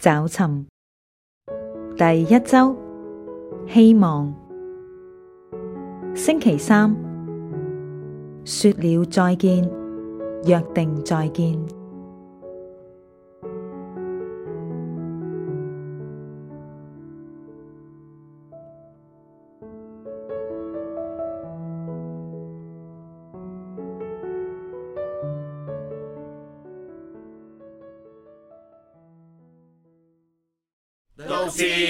找尋第一週，希望星期三說了再見，約定再見。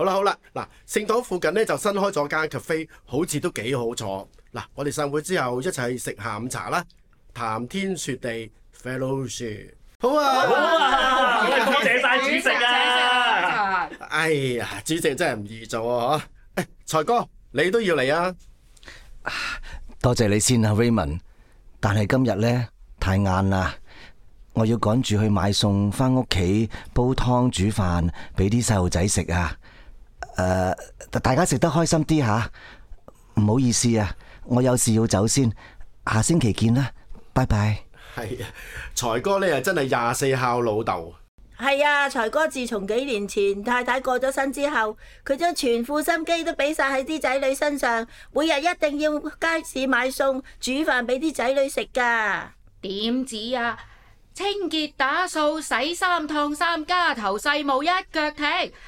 好啦，好啦，嗱，聖堂附近呢就新開咗間 cafe，好似都幾好坐。嗱，我哋散會之後一齊去食下午茶啦，談天說地，Fellowship，好啊，好啊，多謝晒主席啊！哎呀，主席真係唔易做啊！誒，財哥，你都要嚟啊？多謝你先啊，Raymond，但係今日呢，太晏啦，我要趕住去買餸，返屋企煲湯煮飯俾啲細路仔食啊！誒、呃，大家食得開心啲吓，唔好意思啊，我有事要走先，下星期見啦，拜拜。係啊，財哥呢咧，真係廿四孝老豆。係啊，財哥自從幾年前太太過咗身之後，佢將全副心機都俾晒喺啲仔女身上，每日一定要街市買餸煮飯俾啲仔女食㗎。點止啊？清潔打掃、洗衫熨衫、家頭細務一腳踢，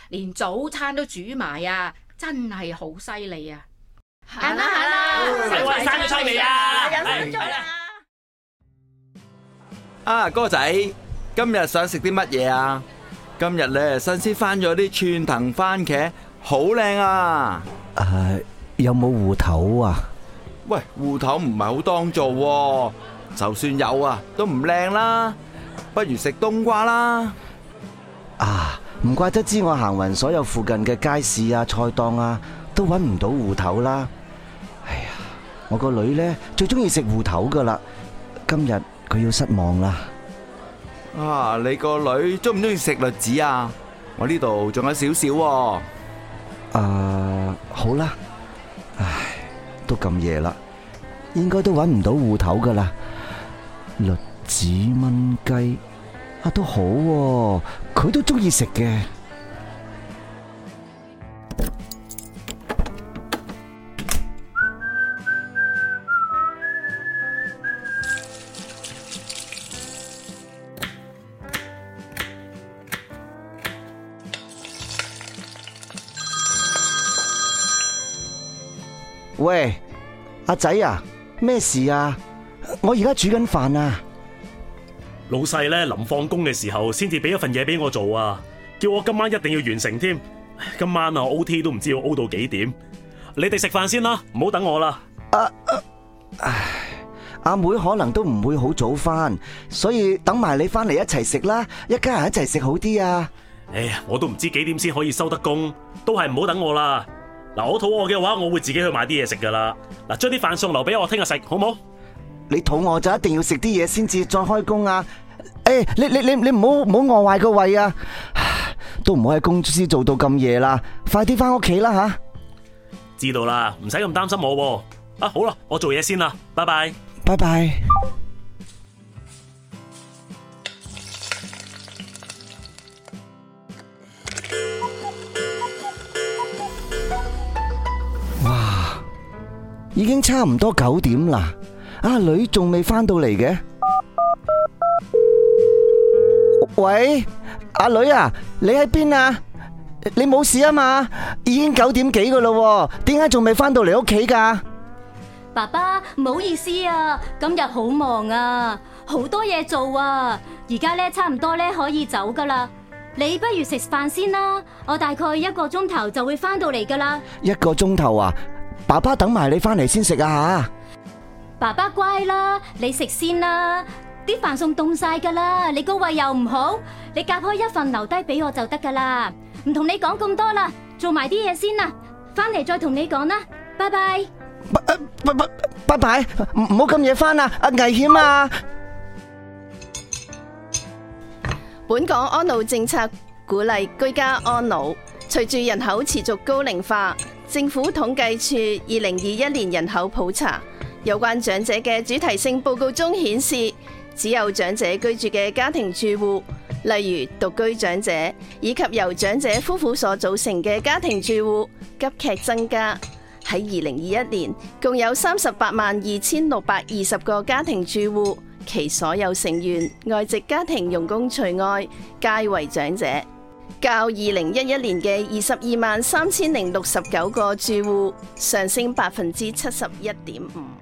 連早餐都煮埋啊！真係好犀利啊！係啦係啦，生咗出嚟啦。哎、啊，哥仔，今日想食啲乜嘢啊？今日呢新鮮返咗啲串藤蕃茄，好靚啊！誒、呃，有冇芋頭啊？喂，芋頭唔係好當造喎、啊，就算有啊，都唔靚啦。不如食冬瓜啦！啊，唔怪得之我行匀所有附近嘅街市啊、菜檔啊，都搵唔到芋頭啦。哎呀，我個女呢，最中意食芋頭噶啦，今日佢要失望啦。啊，你個女中唔中意食栗子啊？我呢度仲有少少喎。啊，好啦。唉，都咁夜啦，應該都搵唔到芋頭噶啦。子炆雞啊，都好、啊，佢都鍾意食嘅。喂，阿、啊、仔啊，咩事啊？我而家煮緊飯啊！老細咧，臨放工嘅時候先至俾一份嘢俾我做啊！叫我今晚一定要完成添。今晚啊，OT 都唔知要 O 到幾點？你哋食飯先啦，唔好等我啦。阿阿，唉，阿妹可能都唔會好早返，所以等埋你返嚟一齊食啦，一家人一齊食好啲啊！哎呀，我都唔知幾點先可以收得工，都係唔好等我啦。嗱，我肚餓嘅話，我會自己去買啲嘢食噶啦。嗱，將啲飯餸留俾我聽日食好冇？你肚餓就一定要食啲嘢先至再開工啊！誒，你你你你唔好唔好餓壞個胃啊！都唔好喺公司做到咁夜啦，快啲翻屋企啦吓！知道啦，唔使咁擔心我喎。啊，好啦，我做嘢先啦，拜拜，拜拜。哇，已經差唔多九點啦，阿女仲未翻到嚟嘅。喂，阿女啊，你喺邊啊？你冇事啊嘛？已經九點幾噶咯，點解仲未翻到嚟屋企噶？爸爸，唔好意思啊，今日好忙啊，好多嘢做啊，而家咧差唔多咧可以走噶啦。你不如食飯先啦，我大概一個鐘頭就會翻到嚟噶啦。一個鐘頭啊？爸爸等埋你翻嚟先食啊吓。爸爸乖啦，你食先啦。啲飯餸凍晒噶啦，你個胃又唔好，你夾開一份留低俾我就得噶啦，唔同你講咁多啦，做埋啲嘢先啦，翻嚟再同你講啦，拜拜。拜拜拜拜，唔唔好咁夜翻啊，啊危險啊！本港安老政策鼓勵居家安老，隨住人口持續高齡化，政府統計處二零二一年人口普查，有關長者嘅主題性報告中顯示。只有長者居住嘅家庭住戶，例如獨居長者以及由長者夫婦所組成嘅家庭住戶，急劇增加。喺二零二一年，共有三十八萬二千六百二十個家庭住戶，其所有成員（外籍家庭傭工除外）皆為長者，較二零一一年嘅二十二萬三千零六十九個住戶上升百分之七十一點五。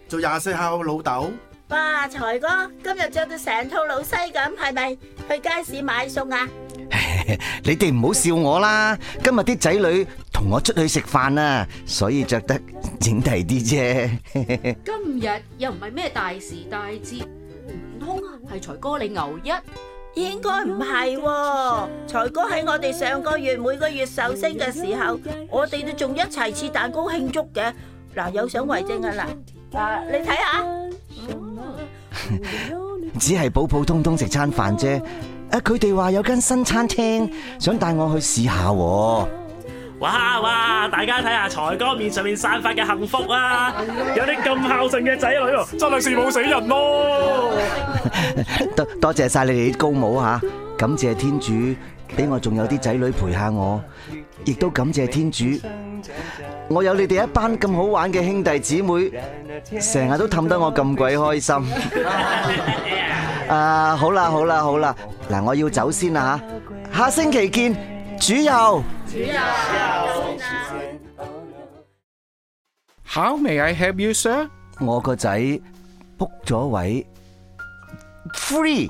做廿四孝老豆，哇！財哥今日着到成套老西咁，係咪去街市買餸啊？你哋唔好笑我啦！今日啲仔女同我出去食飯啊，所以着得整齊啲啫。今日又唔係咩大時大節，唔通係財哥你牛一？應該唔係喎，財哥喺我哋上個月每個月壽星嘅時候，我哋都仲一齊切蛋糕慶祝嘅。嗱，有相為證啊！嗱。嗱、啊，你睇下， 只係普普通通食餐飯啫。啊，佢哋話有間新餐廳，想帶我去試下、啊。哇哇，大家睇下財哥面上面散發嘅幸福啊！有啲咁孝順嘅仔女喎，真係羨慕死人咯、啊 ！多多謝晒你哋啲高帽吓、啊，感謝天主，俾我仲有啲仔女陪下我，亦都感謝天主，我有你哋一班咁好玩嘅兄弟姊妹，成日都氹得我咁鬼開心。啊，好啦好啦好啦，嗱，我要走先啦吓，下星期見，主佑。主佑。How may I help you, Sir？我個仔 book 咗位，three。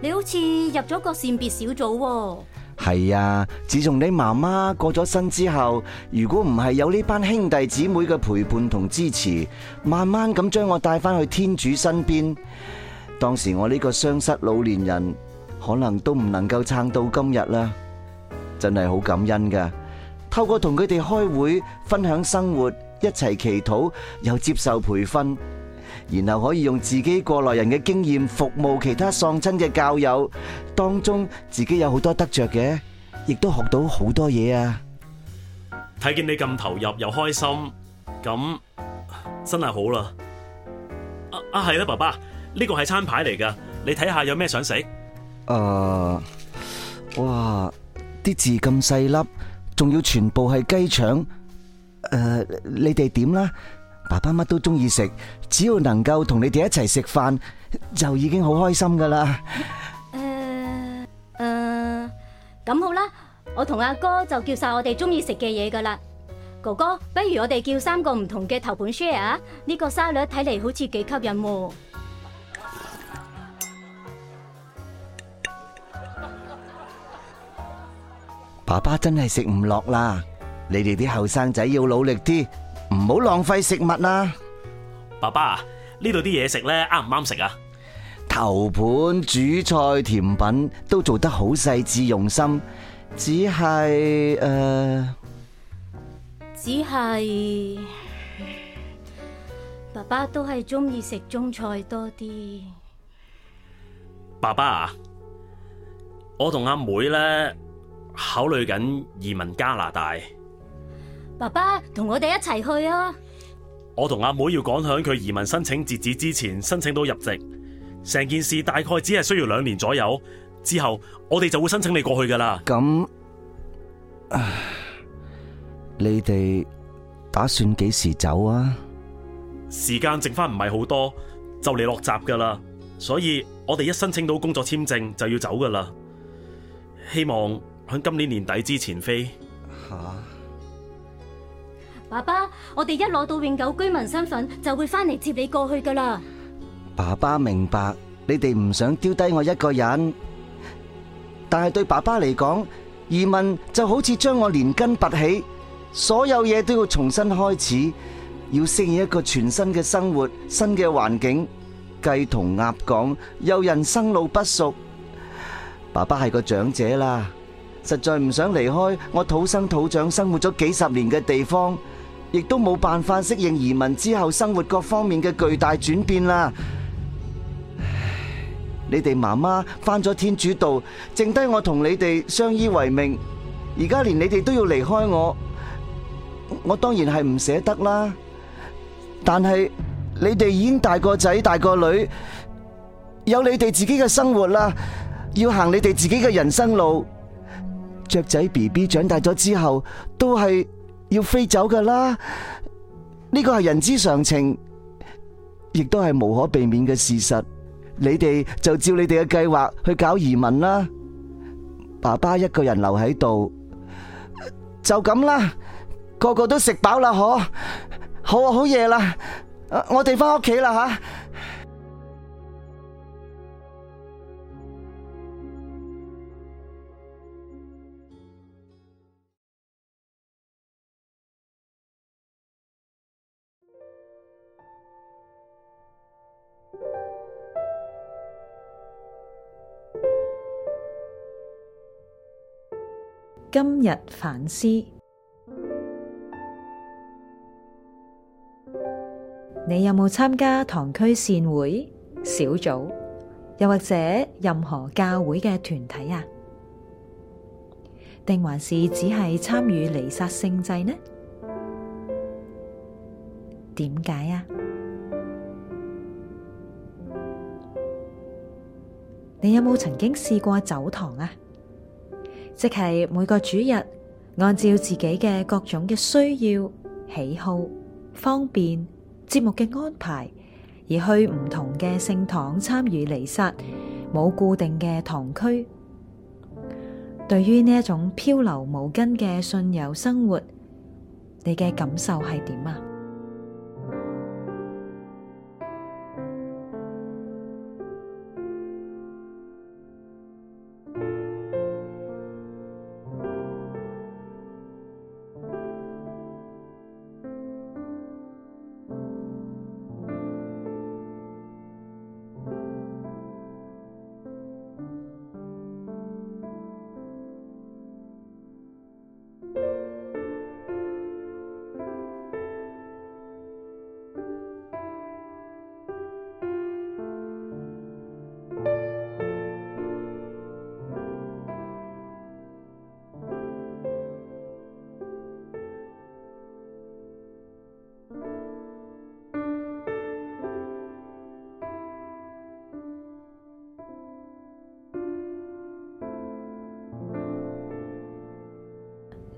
你好似入咗個善別小組喎。係啊，自從你媽媽過咗身之後，如果唔係有呢班兄弟姊妹嘅陪伴同支持，慢慢咁將我帶返去天主身邊，當時我呢個雙失老年人可能都唔能夠撐到今日啦。真係好感恩噶，透過同佢哋開會分享生活，一齊祈禱又接受培訓。然後可以用自己過來人嘅經驗服務其他喪親嘅教友，當中自己有好多得着嘅，亦都學到好多嘢啊！睇見你咁投入又開心，咁真係好啦！啊啊係啦，爸爸，呢個係餐牌嚟㗎，你睇下有咩想食？啊，哇，啲字咁細粒，仲要全部係雞腸，誒，你哋點啦？爸爸乜都中意食，只要能夠同你哋一齊食飯，就已經好開心噶啦。誒誒，咁好啦，我同阿哥就叫晒我哋中意食嘅嘢噶啦。哥哥，不如我哋叫三個唔同嘅頭盤 share 啊？呢個沙律睇嚟好似幾吸引喎。爸爸真係食唔落啦，你哋啲後生仔要努力啲。唔好浪費食物啦，爸爸啊！呢度啲嘢食咧，啱唔啱食啊？頭盤、主菜、甜品都做得好細致用心，只係誒，呃、只係爸爸都係中意食中菜多啲。爸爸啊，我同阿妹咧考慮緊移民加拿大。爸爸同我哋一齊去啊！我同阿妹，妹要趕響佢移民申請截止之前申請到入籍，成件事大概只係需要兩年左右。之後我哋就會申請你過去㗎喇。咁，唉，你哋打算幾時走啊？時間剩返唔係好多，就嚟落閘㗎喇，所以我哋一申請到工作簽證就要走㗎喇。希望喺今年年底之前飛。吓、啊！爸爸，我哋一攞到永久居民身份，就會翻嚟接你過去噶啦。爸爸明白你哋唔想丟低我一個人，但係對爸爸嚟講，移民就好似將我連根拔起，所有嘢都要重新開始，要適應一個全新嘅生活、新嘅環境。雞同鴨講，又人生路不熟。爸爸係個長者啦，實在唔想離開我土生土長、生活咗幾十年嘅地方。亦都冇辦法適應移民之後生活各方面嘅巨大轉變啦。你哋媽媽返咗天主道，剩低我同你哋相依為命。而家連你哋都要離開我，我當然係唔捨得啦。但係你哋已經大個仔大個女，有你哋自己嘅生活啦，要行你哋自己嘅人生路。雀仔 BB 長大咗之後，都係。要飛走㗎啦，呢個係人之常情，亦都係無可避免嘅事實。你哋就照你哋嘅計劃去搞移民啦。爸爸一個人留喺度，就咁啦。個個都食飽啦。今日反思，你有冇參加堂區善會、小組，又或者任何教會嘅團體啊？定還是只係參與彌撒聖祭呢？點解啊？你有冇曾經試過走堂啊？即係每個主日，按照自己嘅各種嘅需要、喜好、方便、節目嘅安排，而去唔同嘅聖堂參與彌撒，冇固定嘅堂區。對於呢一種漂流無根嘅信友生活，你嘅感受係點啊？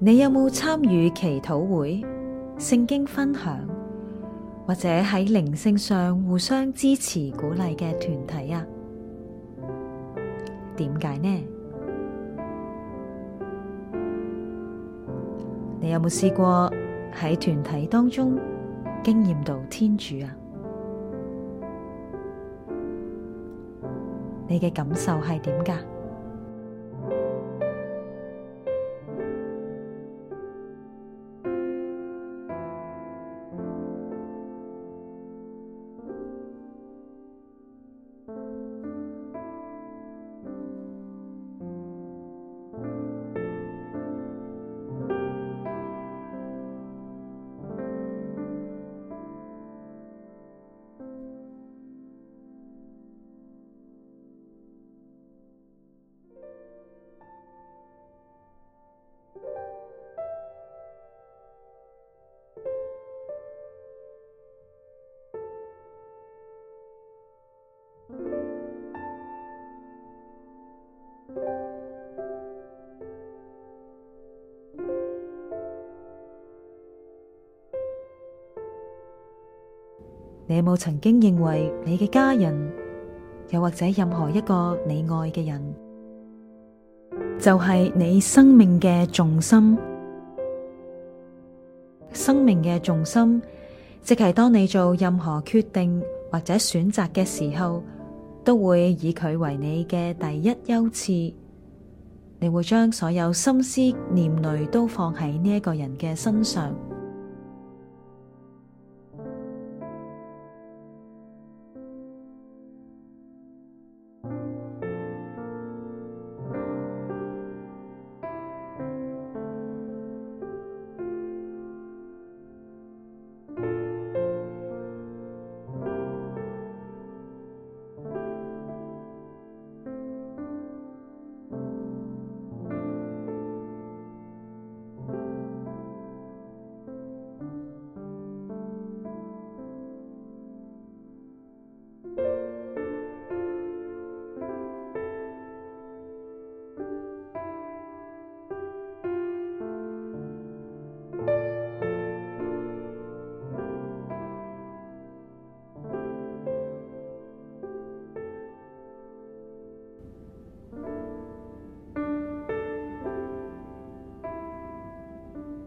你有冇參與祈禱會、聖經分享，或者喺靈性上互相支持鼓勵嘅團體啊？點解呢？你有冇試過喺團體當中經驗到天主啊？你嘅感受係點㗎？你有冇曾經認為你嘅家人，又或者任何一個你愛嘅人，就係你生命嘅重心？生命嘅重心，即係當你做任何決定或者選擇嘅時候，都會以佢為你嘅第一優次。你會將所有心思念慮都放喺呢一個人嘅身上。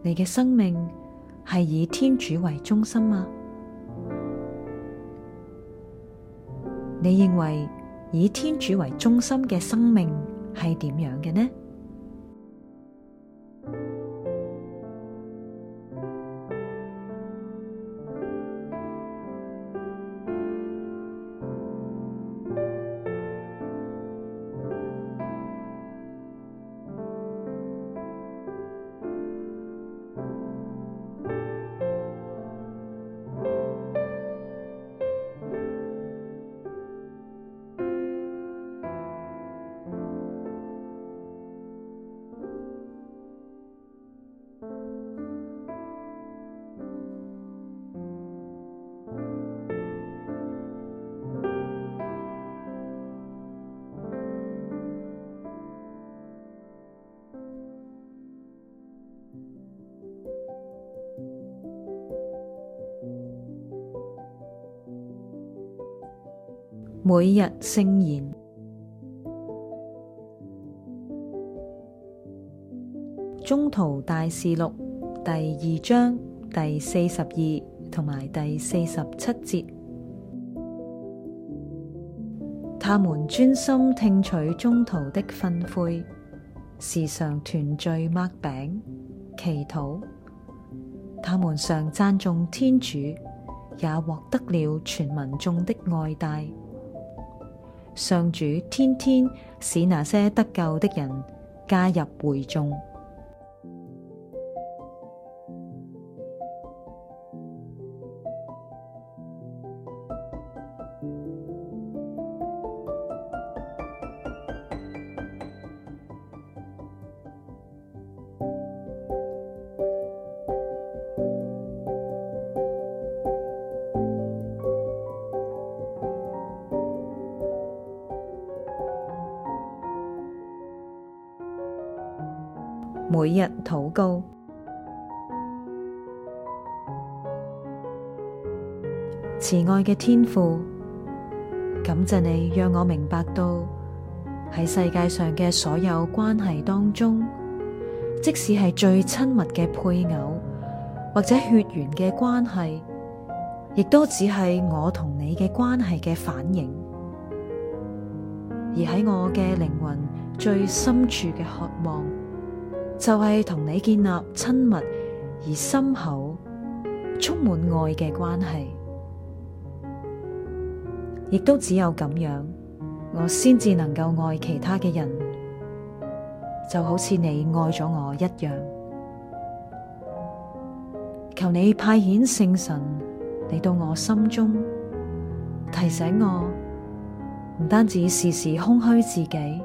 你嘅生命係以天主為中心嘛，啊？你認為以天主為中心嘅生命係點樣嘅呢？每日聖言，宗徒大事錄第二章第四十二同埋第四十七節。他們專心聽取宗徒的訓誨，時常團聚擘餅祈禱。他們常讚頌天主，也獲得了全民眾的愛戴。上主天天使那些得救的人加入會眾。禱告，慈愛嘅天父，感謝你讓我明白到喺世界上嘅所有關係當中，即使係最親密嘅配偶或者血緣嘅關係，亦都只係我同你嘅關係嘅反應，而喺我嘅靈魂最深處嘅渴望。就係同你建立親密而深厚、充滿愛嘅關係，亦都只有咁樣，我先至能夠愛其他嘅人，就好似你愛咗我一樣。求你派遣聖神嚟到我心中，提醒我唔單止事事空虛自己。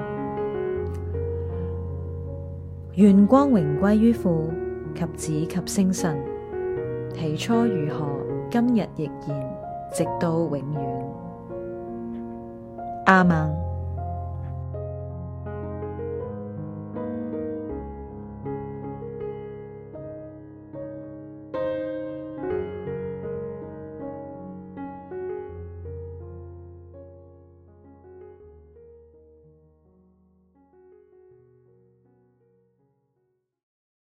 願光榮歸於父及子及聖神，起初如何，今日亦然，直到永遠。阿孟。